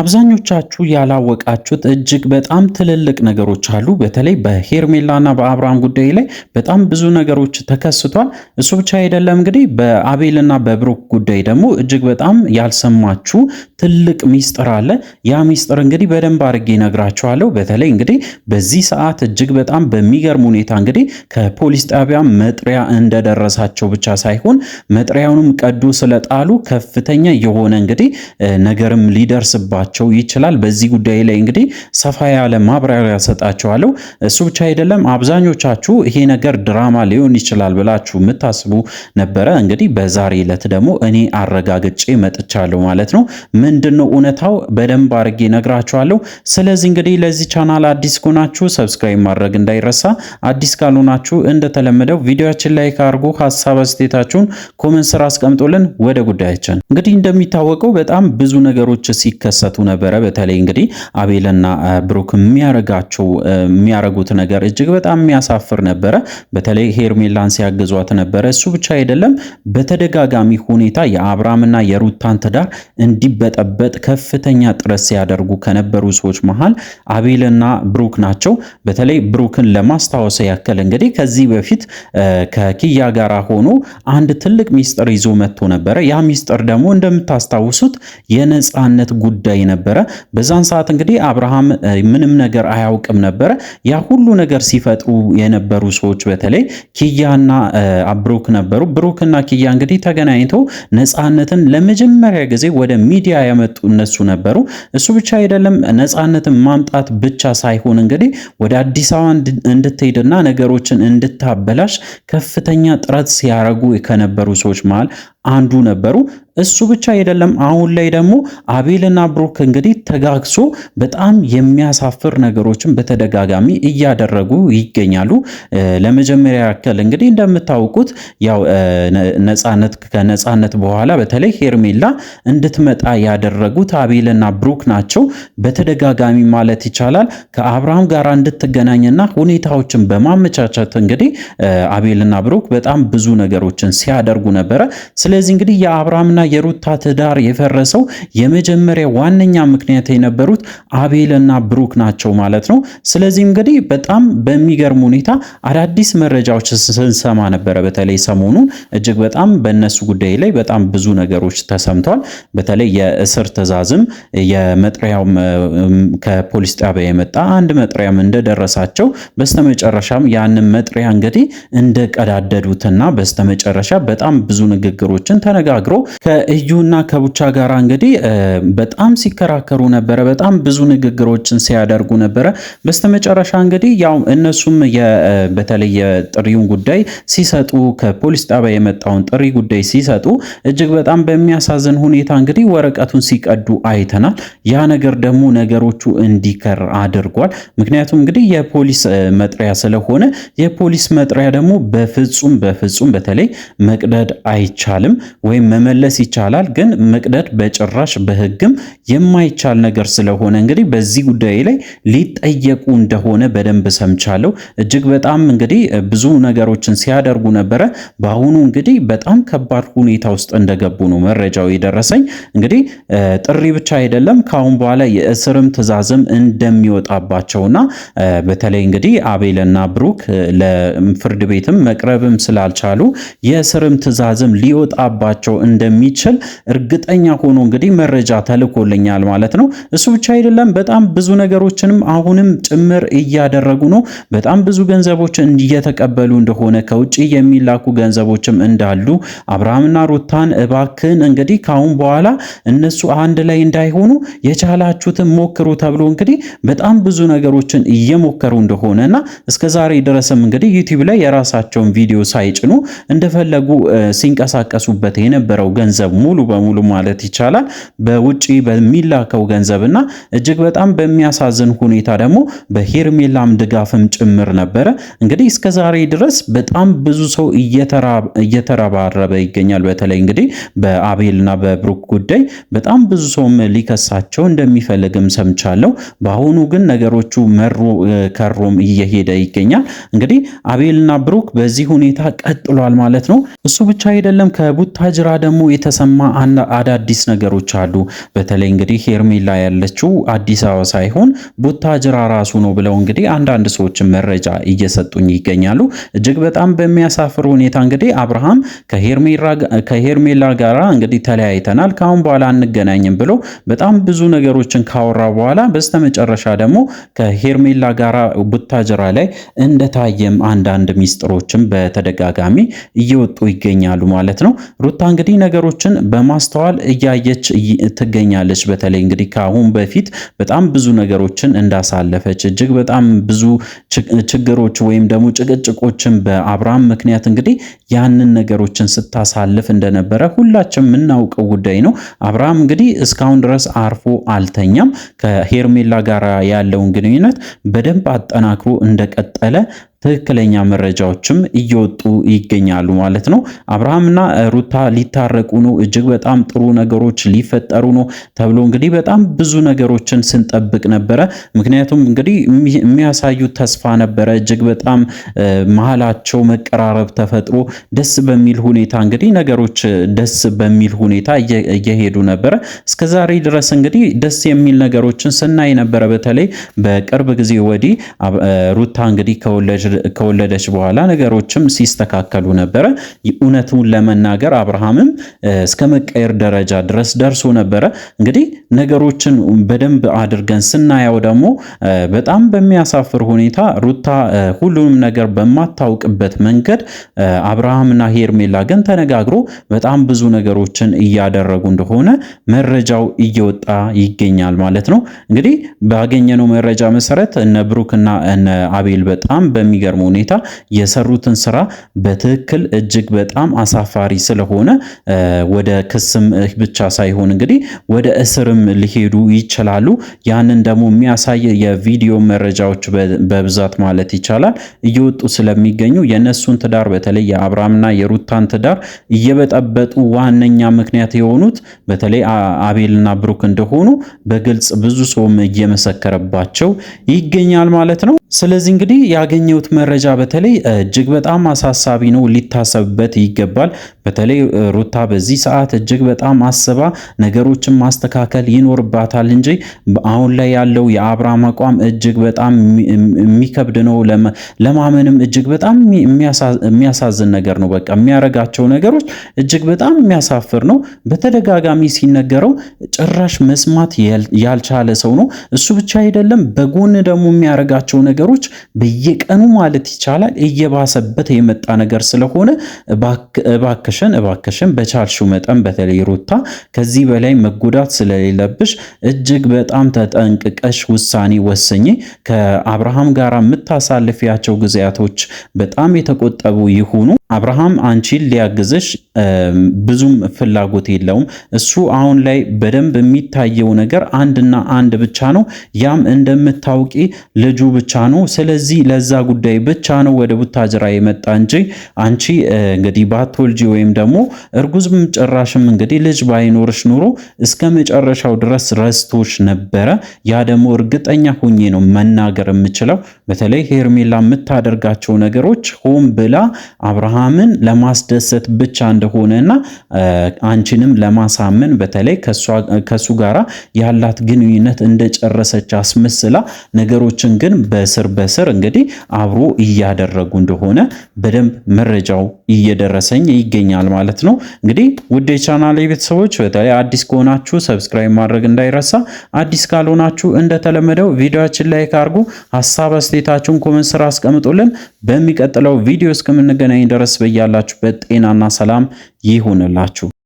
አብዛኞቻችሁ ያላወቃችሁት እጅግ በጣም ትልልቅ ነገሮች አሉ። በተለይ በሄርሜላና በአብርሃም ጉዳይ ላይ በጣም ብዙ ነገሮች ተከስቷል። እሱ ብቻ አይደለም እንግዲህ በአቤልና በብሩክ ጉዳይ ደግሞ እጅግ በጣም ያልሰማችሁ ትልቅ ሚስጥር አለ። ያ ሚስጥር እንግዲህ በደንብ አድርጌ ነግራችኋለሁ። በተለይ እንግዲህ በዚህ ሰዓት እጅግ በጣም በሚገርም ሁኔታ እንግዲህ ከፖሊስ ጣቢያ መጥሪያ እንደደረሳቸው ብቻ ሳይሆን መጥሪያውንም ቀዶ ስለጣሉ ከፍተኛ የሆነ እንግዲህ ነገርም ሊደርስባቸው ሊኖራቸው ይችላል። በዚህ ጉዳይ ላይ እንግዲህ ሰፋ ያለ ማብራሪያ ሰጣችኋለሁ። እሱ ብቻ አይደለም፣ አብዛኞቻችሁ ይሄ ነገር ድራማ ሊሆን ይችላል ብላችሁ የምታስቡ ነበረ። እንግዲህ በዛሬ ዕለት ደግሞ እኔ አረጋግጬ መጥቻለሁ ማለት ነው። ምንድነው እውነታው በደንብ አድርጌ ነግራችኋለሁ። ስለዚህ እንግዲህ ለዚህ ቻናል አዲስ ከሆናችሁ ሰብስክራይብ ማድረግ እንዳይረሳ፣ አዲስ ካልሆናችሁ እንደተለመደው ቪዲዮችን ላይክ አድርጉ፣ ሀሳብ አስተያየታችሁን ኮመንት ስራ አስቀምጦልን ወደ ጉዳያችን እንግዲህ እንደሚታወቀው በጣም ብዙ ነገሮች ሲከሰቱ ነበረ። በተለይ እንግዲህ አቤልና ብሩክ የሚያረጋቸው የሚያረጉት ነገር እጅግ በጣም የሚያሳፍር ነበረ። በተለይ ሄርሜላን ሲያግዟት ነበረ። እሱ ብቻ አይደለም፣ በተደጋጋሚ ሁኔታ የአብርሃምና የሩታን ትዳር እንዲበጠበጥ ከፍተኛ ጥረት ሲያደርጉ ከነበሩ ሰዎች መሃል አቤልና ብሩክ ናቸው። በተለይ ብሩክን ለማስታወስ ያክል እንግዲህ ከዚህ በፊት ከኪያ ጋር ሆኖ አንድ ትልቅ ሚስጥር ይዞ መጥቶ ነበረ። ያ ሚስጥር ደግሞ እንደምታስታውሱት የነፃነት ጉዳይ ነበረ። በዛን ሰዓት እንግዲህ አብርሃም ምንም ነገር አያውቅም ነበረ። ያ ሁሉ ነገር ሲፈጥሩ የነበሩ ሰዎች በተለይ ኪያና ብሩክ ነበሩ። ብሩክና ኪያ እንግዲህ ተገናኝተው ነፃነትን ለመጀመሪያ ጊዜ ወደ ሚዲያ ያመጡ እነሱ ነበሩ። እሱ ብቻ አይደለም፣ ነፃነትን ማምጣት ብቻ ሳይሆን እንግዲህ ወደ አዲስ አበባ እንድትሄድና ነገሮችን እንድታበላሽ ከፍተኛ ጥረት ሲያረጉ ከነበሩ ሰዎች መሃል አንዱ ነበሩ። እሱ ብቻ አይደለም። አሁን ላይ ደግሞ አቤልና ብሩክ እንግዲህ ተጋግሶ በጣም የሚያሳፍር ነገሮችን በተደጋጋሚ እያደረጉ ይገኛሉ። ለመጀመሪያ ያክል እንግዲህ እንደምታውቁት ያው ነፃነት ከነፃነት በኋላ በተለይ ሄርሜላ እንድትመጣ ያደረጉት አቤልና ብሩክ ናቸው። በተደጋጋሚ ማለት ይቻላል ከአብርሃም ጋር እንድትገናኝና ሁኔታዎችን በማመቻቸት እንግዲህ አቤልና ብሩክ በጣም ብዙ ነገሮችን ሲያደርጉ ነበረ። ስለዚህ እንግዲህ የአብርሃምና የሩታ ትዳር የፈረሰው የመጀመሪያ ዋነኛ ምክንያት የነበሩት አቤልና ብሩክ ናቸው ማለት ነው። ስለዚህ እንግዲህ በጣም በሚገርም ሁኔታ አዳዲስ መረጃዎች ስንሰማ ነበረ። በተለይ ሰሞኑን እጅግ በጣም በእነሱ ጉዳይ ላይ በጣም ብዙ ነገሮች ተሰምቷል። በተለይ የእስር ትዕዛዝም የመጥሪያው ከፖሊስ ጣቢያ የመጣ አንድ መጥሪያም እንደደረሳቸው በስተመጨረሻም ያንን መጥሪያ እንግዲህ እንደቀዳደዱትና በስተመጨረሻ በጣም ብዙ ንግግሮች ሰዎችን ተነጋግሮ ከእዩና ከቡቻ ጋር እንግዲህ በጣም ሲከራከሩ ነበረ። በጣም ብዙ ንግግሮችን ሲያደርጉ ነበረ። በስተመጨረሻ እንግዲህ ያው እነሱም በተለይ የጥሪውን ጉዳይ ሲሰጡ ከፖሊስ ጣቢያ የመጣውን ጥሪ ጉዳይ ሲሰጡ እጅግ በጣም በሚያሳዝን ሁኔታ እንግዲህ ወረቀቱን ሲቀዱ አይተናል። ያ ነገር ደግሞ ነገሮቹ እንዲከር አድርጓል። ምክንያቱም እንግዲህ የፖሊስ መጥሪያ ስለሆነ የፖሊስ መጥሪያ ደግሞ በፍጹም በፍጹም በተለይ መቅደድ አይቻልም። አይቻልም ወይም መመለስ ይቻላል፣ ግን መቅደድ በጭራሽ በህግም የማይቻል ነገር ስለሆነ እንግዲህ በዚህ ጉዳይ ላይ ሊጠየቁ እንደሆነ በደንብ ሰምቻለሁ። እጅግ በጣም እንግዲህ ብዙ ነገሮችን ሲያደርጉ ነበረ። በአሁኑ እንግዲህ በጣም ከባድ ሁኔታ ውስጥ እንደገቡ ነው መረጃው የደረሰኝ። እንግዲህ ጥሪ ብቻ አይደለም ከአሁን በኋላ የእስርም ትዕዛዝም እንደሚወጣባቸውና በተለይ እንግዲህ አቤልና ብሩክ ለፍርድ ቤትም መቅረብም ስላልቻሉ የእስርም ትዕዛዝም ሊወጣ ሊወጣባቸው እንደሚችል እርግጠኛ ሆኖ እንግዲህ መረጃ ተልኮልኛል ማለት ነው። እሱ ብቻ አይደለም፣ በጣም ብዙ ነገሮችንም አሁንም ጭምር እያደረጉ ነው። በጣም ብዙ ገንዘቦች እየተቀበሉ እንደሆነ ከውጭ የሚላኩ ገንዘቦችም እንዳሉ አብርሃምና ሩታን እባክን እንግዲህ ካሁን በኋላ እነሱ አንድ ላይ እንዳይሆኑ የቻላችሁትን ሞክሩ ተብሎ እንግዲህ በጣም ብዙ ነገሮችን እየሞከሩ እና እስከ ዛሬ ድረስም እንግዲህ ዩቲዩብ ላይ የራሳቸውን ቪዲዮ ሳይጭኑ እንደፈለጉ ሲንቀሳቀሱ ሲያነሱበት የነበረው ገንዘብ ሙሉ በሙሉ ማለት ይቻላል በውጪ በሚላከው ገንዘብና እጅግ በጣም በሚያሳዝን ሁኔታ ደግሞ በሄርሜላም ድጋፍም ጭምር ነበረ። እንግዲህ እስከ ዛሬ ድረስ በጣም ብዙ ሰው እየተረባረበ ይገኛል። በተለይ እንግዲህ በአቤልና በብሩክ ጉዳይ በጣም ብዙ ሰውም ሊከሳቸው እንደሚፈልግም ሰምቻለሁ። በአሁኑ ግን ነገሮቹ መሮ ከሮም እየሄደ ይገኛል። እንግዲህ አቤልና ብሩክ በዚህ ሁኔታ ቀጥሏል ማለት ነው። እሱ ብቻ አይደለም ከቡ ከቡታጅራ ደግሞ የተሰማ አዳዲስ ነገሮች አሉ። በተለይ እንግዲህ ሄርሜላ ያለችው አዲስ አበባ ሳይሆን ቡታጅራ ራሱ ነው ብለው እንግዲህ አንዳንድ ሰዎችን መረጃ እየሰጡኝ ይገኛሉ። እጅግ በጣም በሚያሳፍር ሁኔታ እንግዲህ አብርሃም ከሄርሜላ ጋራ እንግዲህ ተለያይተናል ከአሁን በኋላ አንገናኝም ብሎ በጣም ብዙ ነገሮችን ካወራ በኋላ በስተመጨረሻ ደግሞ ከሄርሜላ ጋራ ቡታጅራ ላይ እንደታየም አንዳንድ ሚስጥሮችን በተደጋጋሚ እየወጡ ይገኛሉ ማለት ነው። ሩታ እንግዲህ ነገሮችን በማስተዋል እያየች ትገኛለች። በተለይ እንግዲህ ከአሁን በፊት በጣም ብዙ ነገሮችን እንዳሳለፈች እጅግ በጣም ብዙ ችግሮች ወይም ደግሞ ጭቅጭቆችን በአብርሃም ምክንያት እንግዲህ ያንን ነገሮችን ስታሳልፍ እንደነበረ ሁላችን የምናውቀው ጉዳይ ነው። አብርሃም እንግዲህ እስካሁን ድረስ አርፎ አልተኛም። ከሄርሜላ ጋር ያለውን ግንኙነት በደንብ አጠናክሮ እንደቀጠለ ትክክለኛ መረጃዎችም እየወጡ ይገኛሉ ማለት ነው። አብርሃምና ሩታ ሊታረቁ ነው፣ እጅግ በጣም ጥሩ ነገሮች ሊፈጠሩ ነው ተብሎ እንግዲህ በጣም ብዙ ነገሮችን ስንጠብቅ ነበረ። ምክንያቱም እንግዲህ የሚያሳዩት ተስፋ ነበረ። እጅግ በጣም መሀላቸው መቀራረብ ተፈጥሮ ደስ በሚል ሁኔታ እንግዲህ ነገሮች ደስ በሚል ሁኔታ እየሄዱ ነበረ። እስከዛሬ ድረስ እንግዲህ ደስ የሚል ነገሮችን ስናይ ነበረ። በተለይ በቅርብ ጊዜ ወዲህ ሩታ እንግዲህ ከወለጅ ከወለደች በኋላ ነገሮችም ሲስተካከሉ ነበረ። እውነቱን ለመናገር አብርሃምም እስከ መቀየር ደረጃ ድረስ ደርሶ ነበረ። እንግዲህ ነገሮችን በደንብ አድርገን ስናየው ደግሞ በጣም በሚያሳፍር ሁኔታ ሩታ ሁሉንም ነገር በማታውቅበት መንገድ አብርሃምና ሄርሜላ ግን ተነጋግሮ በጣም ብዙ ነገሮችን እያደረጉ እንደሆነ መረጃው እየወጣ ይገኛል ማለት ነው። እንግዲህ ባገኘነው መረጃ መሰረት እነ ብሩክና እነ አቤል በጣም በሚ በሚገርም ሁኔታ የሰሩትን ስራ በትክክል እጅግ በጣም አሳፋሪ ስለሆነ ወደ ክስም ብቻ ሳይሆን እንግዲህ ወደ እስርም ሊሄዱ ይችላሉ። ያንን ደግሞ የሚያሳይ የቪዲዮ መረጃዎች በብዛት ማለት ይቻላል እየወጡ ስለሚገኙ የእነሱን ትዳር በተለይ የአብርሃምና የሩታን ትዳር እየበጠበጡ ዋነኛ ምክንያት የሆኑት በተለይ አቤልና ብሩክ እንደሆኑ በግልጽ ብዙ ሰውም እየመሰከረባቸው ይገኛል ማለት ነው። ስለዚህ እንግዲህ ያገኘሁት መረጃ በተለይ እጅግ በጣም አሳሳቢ ነው፣ ሊታሰብበት ይገባል። በተለይ ሩታ በዚህ ሰዓት እጅግ በጣም አስባ ነገሮችን ማስተካከል ይኖርባታል እንጂ አሁን ላይ ያለው የአብርሃም አቋም እጅግ በጣም የሚከብድ ነው። ለማመንም እጅግ በጣም የሚያሳዝን ነገር ነው። በቃ የሚያረጋቸው ነገሮች እጅግ በጣም የሚያሳፍር ነው። በተደጋጋሚ ሲነገረው ጭራሽ መስማት ያልቻለ ሰው ነው። እሱ ብቻ አይደለም፣ በጎን ደግሞ የሚያረጋቸው ነገሮች በየቀኑ ማለት ይቻላል እየባሰበት የመጣ ነገር ስለሆነ እባክሽን እባክሽን በቻልሽው መጠን በተለይ ሩታ ከዚህ በላይ መጎዳት ስለሌለብሽ እጅግ በጣም ተጠንቅቀሽ ውሳኔ ወሰኝ። ከአብርሃም ጋር የምታሳልፊያቸው ጊዜያቶች በጣም የተቆጠቡ ይሁኑ። አብርሃም አንቺን ሊያግዝሽ ብዙም ፍላጎት የለውም። እሱ አሁን ላይ በደንብ የሚታየው ነገር አንድና አንድ ብቻ ነው። ያም እንደምታውቂ ልጁ ብቻ ነው። ስለዚህ ለዛ ጉዳይ ብቻ ነው ወደ ቡታጅራ የመጣ እንጂ አንቺ እንግዲህ ባትወልጂ ወይም ደግሞ እርጉዝም ጭራሽም እንግዲህ ልጅ ባይኖርሽ ኑሮ እስከ መጨረሻው ድረስ ረስቶሽ ነበረ። ያ ደግሞ እርግጠኛ ሁኜ ነው መናገር የምችለው። በተለይ ሄርሜላ የምታደርጋቸው ነገሮች ሆን ብላ አብርሃም አብርሃምን ለማስደሰት ብቻ እንደሆነ እና አንቺንም ለማሳመን በተለይ ከሱ ጋራ ያላት ግንኙነት እንደጨረሰች አስመስላ ነገሮችን ግን በስር በስር እንግዲህ አብሮ እያደረጉ እንደሆነ በደንብ መረጃው እየደረሰኝ ይገኛል ማለት ነው። እንግዲህ ውድ የቻናሌ ቤተሰቦች በተለይ አዲስ ከሆናችሁ ሰብስክራይብ ማድረግ እንዳይረሳ፣ አዲስ ካልሆናችሁ እንደተለመደው ቪዲዮችን ላይክ አድርጉ፣ ሀሳብ አስተያየታችሁን ኮመንት ስራ አስቀምጡልን። በሚቀጥለው ቪዲዮ እስከምንገናኝ ድረስ በያላችሁበት ጤናና ሰላም ይሁንላችሁ።